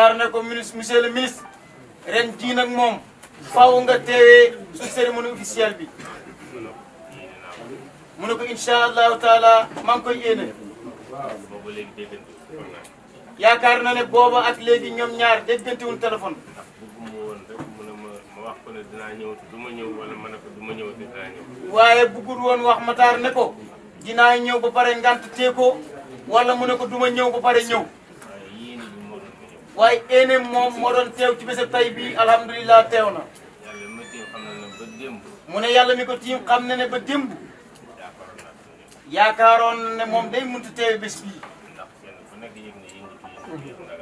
Matar ko ministre monsieur le ministre jii nag moom faaw nga teewee su bi mu ne ko incha allahu taala maa ngi koy yéene. yaakaar na ne booba ak léegi ñoom ñaar déggante wuñ téléphone. waaye bëggul woon wax Matar ne ko dinaa ñëw ba pare ngant tee ko wala mu ne ko du ma ñëw ba pare ñëw. waaye ene moom moo doon teew ci bésab tay bii alhamdulilah teew na. mu ne yàlla mi ko tiim xam na ne ba démb. yaakaaroon ne moom day mënut a teewe bés bii.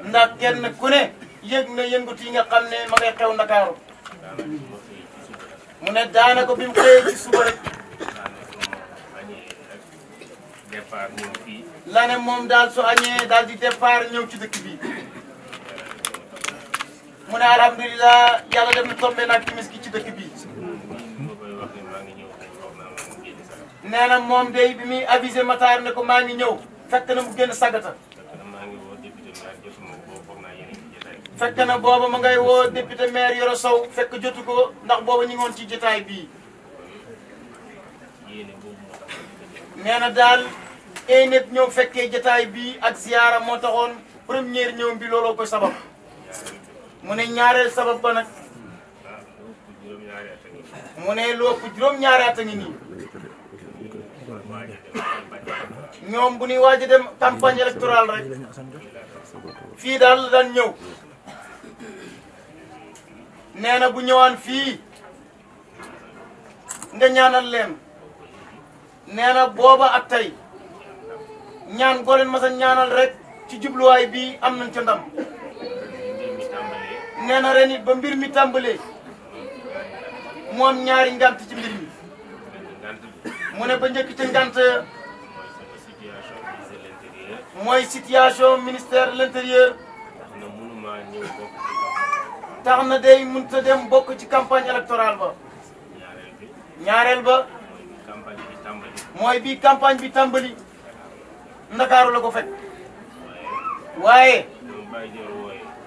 ndax kenn ku ne yëg na yëngut yi nga xam ne ma xew Ndakaaru. mu ne daanaka bi mu xëyee ci suba rek. la ne moom daal su añee daal di départ ñëw ci dëkk bi. mu ne alhamdulilah yàlla def na tombé naag timis gi ci dëkk bi. nee na moom day bi muy avisé mataar ne ko maa ngi ñëw fekk na mu génn sagata. fekk na booba ma ngay woo député maire Yoro Sow fekk jotu ko ndax booba ñu ngi woon ci jotaay bii. nee na daal ay ñëw fekkee jataay bii ak ziyaara moo taxoon première ñëw bi looloo koy sabab. mune ne sabab ba nak mune ne lu ëpp juróom at ngi ni ñom bu ni waji dan dem campagne électorale rek fi dal lem, ñew neena bu ñewaan fi nga ñaanal leen neena boba ak tay ñaan goleen ma sa ñaanal rek ci bi am nañ ci ndam nee na ba mbir mi tàmbalee mu am ñaari ngant ci mbir mi mu ne ba njëkk ca ngant mooy situation ministère de l'intérieur tax na day mënta dem bokk ci campagne électorale ba ñaareel ba mooy bii campagne bi tàmbali ndakaaru la ko fekk waaye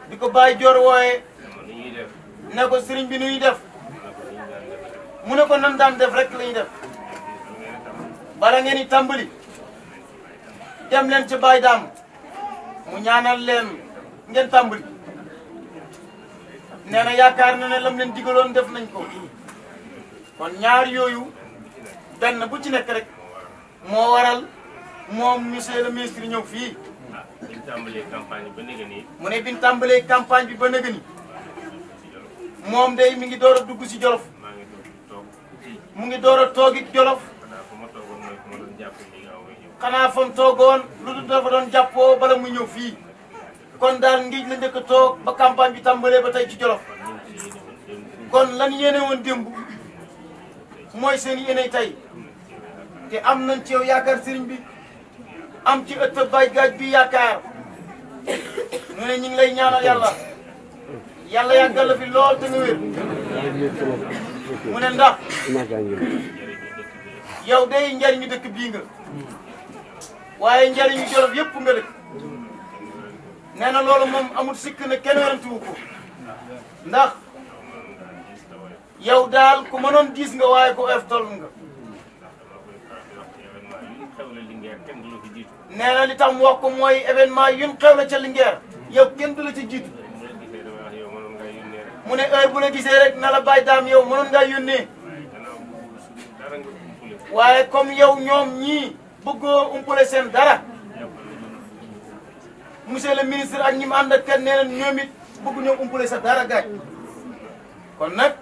di ko bàyyi joor wooye li ñuy def. ne ko sëriñ bi nuy def. mu ne ko nan daan def rek la ñuy def. bala ngeen di tàmbali. dem leen ci Baye Dame. mu ñaanal leen ngeen tàmbali. nee na yaakaar na ne lam leen digaloon def nañ ko. kon ñaar yooyu benn bu ci nekk rek moo waral moom monsieur le ministre ñëw fii. mu ah, ne bi ñu tàmbalee bi ba nëgë nii. mu ne tàmbalee campagne bi ba nëgë nii. moom day mi ngi door dugg si jolof. mu ngi door a toog it jolof. xanaa toogoon lu dul dafa doon jàppoo bala mu ñëw fii. kon daal ngiñ la njëkk a toog ba campagne bi tàmbalee ba tey ci jolof. kon lan yéene woon démb mooy seen yéene tey te am nañ ci yow yaakaar sëriñ bi am ci ëtt bay gaaj bi yaakaar ñu ne ñu lay ñaanal yàlla. yàlla yàggal la fi lool te nga wér mu ne ndax yow day njariñu dëkk bii nga waaye njariñu Jolof yëpp nga dëkk nee na loolu moom amul sikk na kenn warantuwu ko ndax yow daal ku mënoon diis nga waaye ku oyof toll nga nee na li tax mu wax ko mooy événement yun xew la ca Linguère yow kenn du la ca jiitu mu ne heure bu la gisee rek na la bàyyi daam yow mënoon nga yónnee waaye comme yow ñoom ñii bëggoo umpale seen dara monsieur le ministre ak ñi mu ànd nee na ñoom it bëggu ñoo umpale sa dara gaaj kon nag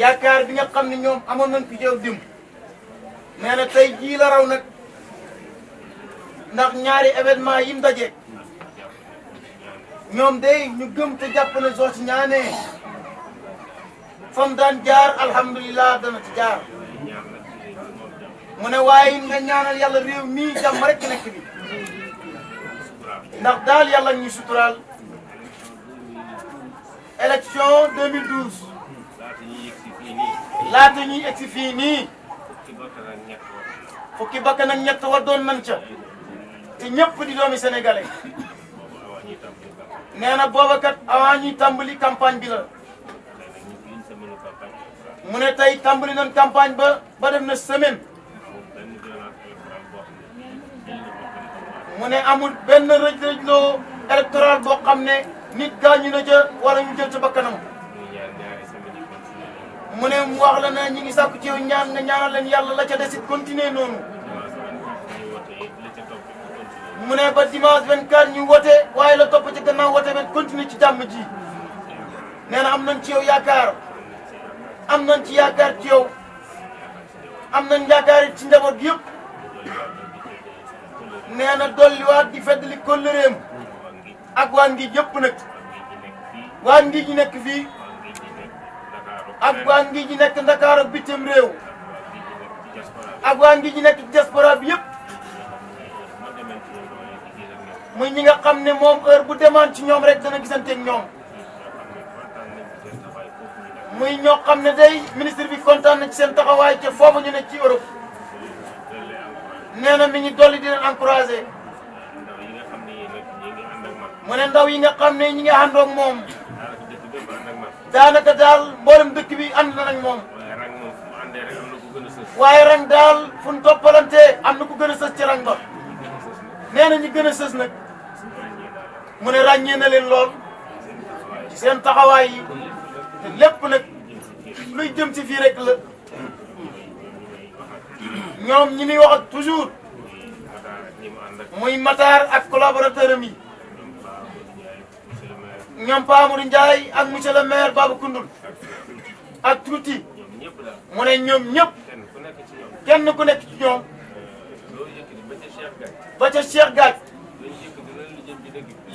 yaakaar bi nga xam ne ñoom amoon nañ ko yow dim nee na tey jii la raw nag ndax ñaari événement yi mu daje ñoom day ñu gëm te jàpp ne soo ci ñaanee daan jaar alhamdulilah dana ci jaar mu ne waaye nga ñaanal yàlla réew mii jàmm rek nekk bi ndax daal yàlla ñuy suturaal élection 2012 laata ñuy egsi fii nii fukki bakkan ak ñett wa doon nañ ca te ñëpp di doomi sénégalais nee na booba kat avant ñuy tàmbali campagne bi la. mu ne tey tàmbali nañ campagne ba ba def na semaine. mu ne amul benn rëj-rëjloo électoral boo xam ne nit gaañu na ca wala ñu jël ca bakkanam. mu ne mu wax la ne ñi ngi sàkku ci yow ñaan nga ñaanal yàlla la ca desit continuer noonu. mu ne ba dimanche 24 ñu wote waaye la topp ci gannaaw wote ba continue ci jàmm ji nee na am nañ ci yow yaakaar am nañ ci yaakaar ci yow am nañ yaakaar ci njaboot yëpp nee na dolliwaat di feddali kóllëreem ak waa ngi yëpp nag waa ngi nekk fii ak waa ngi ji nekk Ndakaar ak bitim réew ak waa ngi ji nekk diaspora bi yëpp. muy ñi nga xam ne moom heure bu demaan ci ñoom rek dana gisante ak ñoom muy ñoo xam ne day ministre bi kontaan na ci seen taxawaay ca foofu ñu ne ci Europe nee na mi ngi dolli di leen encouragé mu ne ndaw yi nga xam ne ñi nga àndoog moom daanaka daal mboolem dëkk bi ànd na nag moom waaye rang daal fu ñu toppalante am na ku gën a sës ci rang nee na ñi gën a sës nag mu ne na leen lool ci sen lépp luy jëm ci fi rek la ñom ñi ni wax toujours muy Matar ak collaborateur am yi pas Pa ak monsieur le maire babu Koundoul ak touti mu ne kenn ku ci Cheikh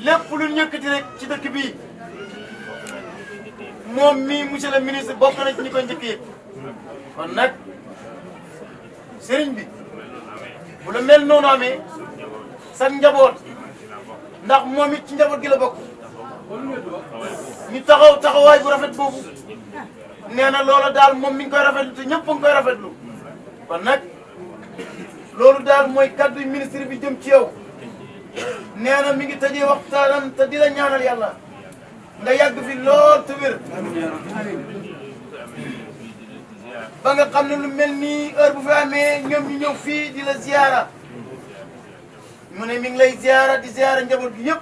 lépp lu ñu yëkkati rek ci dëkk bii moom mii monsieur le ministre bok na ci ñi ko njëkk yëg nag sëriñ bi bu la mel noonu amee sa njaboot ndax moom it ci njaboot gi la bokk ñu taxaw taxawaay bu rafet boobu nee na loola daal moom mi ngi koy rafetlu te ñëpp a ngi koy rafetlu kon nag loolu daal mooy kaddu ministre bi jëm ci yow. نانا ميغي تاجي وقتانا تدي لا نانال يالا دا ياغ في لول تبر باغا خامن لو ملني اور بو فامي نيوم في دي لا زياره موني ميغ دي زياره نجبول بي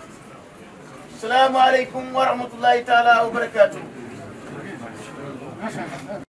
السلام عليكم ورحمه الله تعالى وبركاته